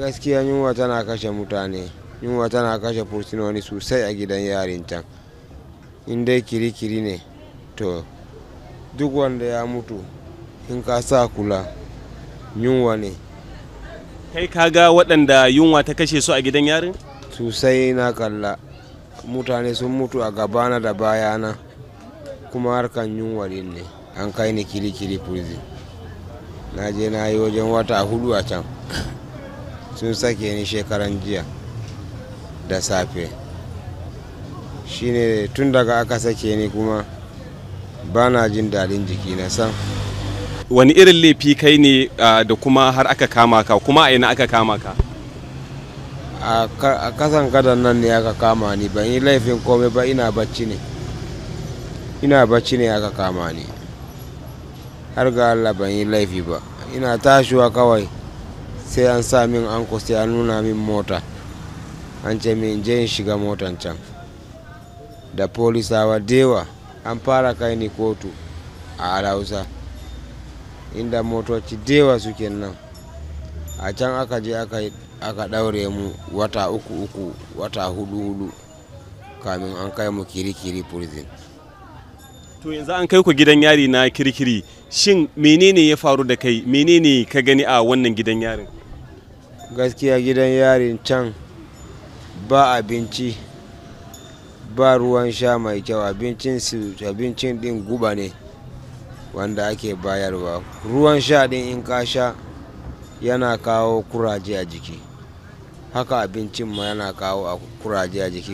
gaskiya yunwa tana kashe mutane yunwa tana kashe fursunoni sosai a gidan yarin can in dai kirikiri ne to duk wanda ya mutu in ka sa kula yunwa ne kai ka ga waɗanda yunwa ta kashe su a gidan yarin sosai na kalla mutane sun mutu a gabana da bayana kuma harkan yunwa ne an kai ni kirikiri prison na je na yi wajen wata hudu a can sun sake ni shekaran jiya da safe shine tun daga aka sake ni kuma ba na jin daɗin jiki na san wani irin laifi kai ne da kuma har aka kama ka kuma a ina aka kama ka a kasan kadan nan ne aka kama ni ban yi laifin komai ba ina bacci ne ina bacci ne aka kama ni har ga allah ban yi laifi ba ina tashiwa kawai sai an sa min anko sai an nuna min mota an ce min je in shiga motan can da polisawa dewa an fara kai ni kotu a alausa inda motoci dewa suke nan a can aka je aka daure mu wata uku uku wata hudu hudu kamin an kai mu kirikiri prison to yanzu an kai ku gidan yari na kirikiri shin menene ya faru da kai menene ka gani a wannan gidan yarin gaskiya gidan yarin can ba abinci ba ruwan sha mai kyau abincin din guba ne wanda ake bayarwa ruwan sha din in ka sha yana kawo kuraje a jiki haka abincin ma yana kawo kuraje a jiki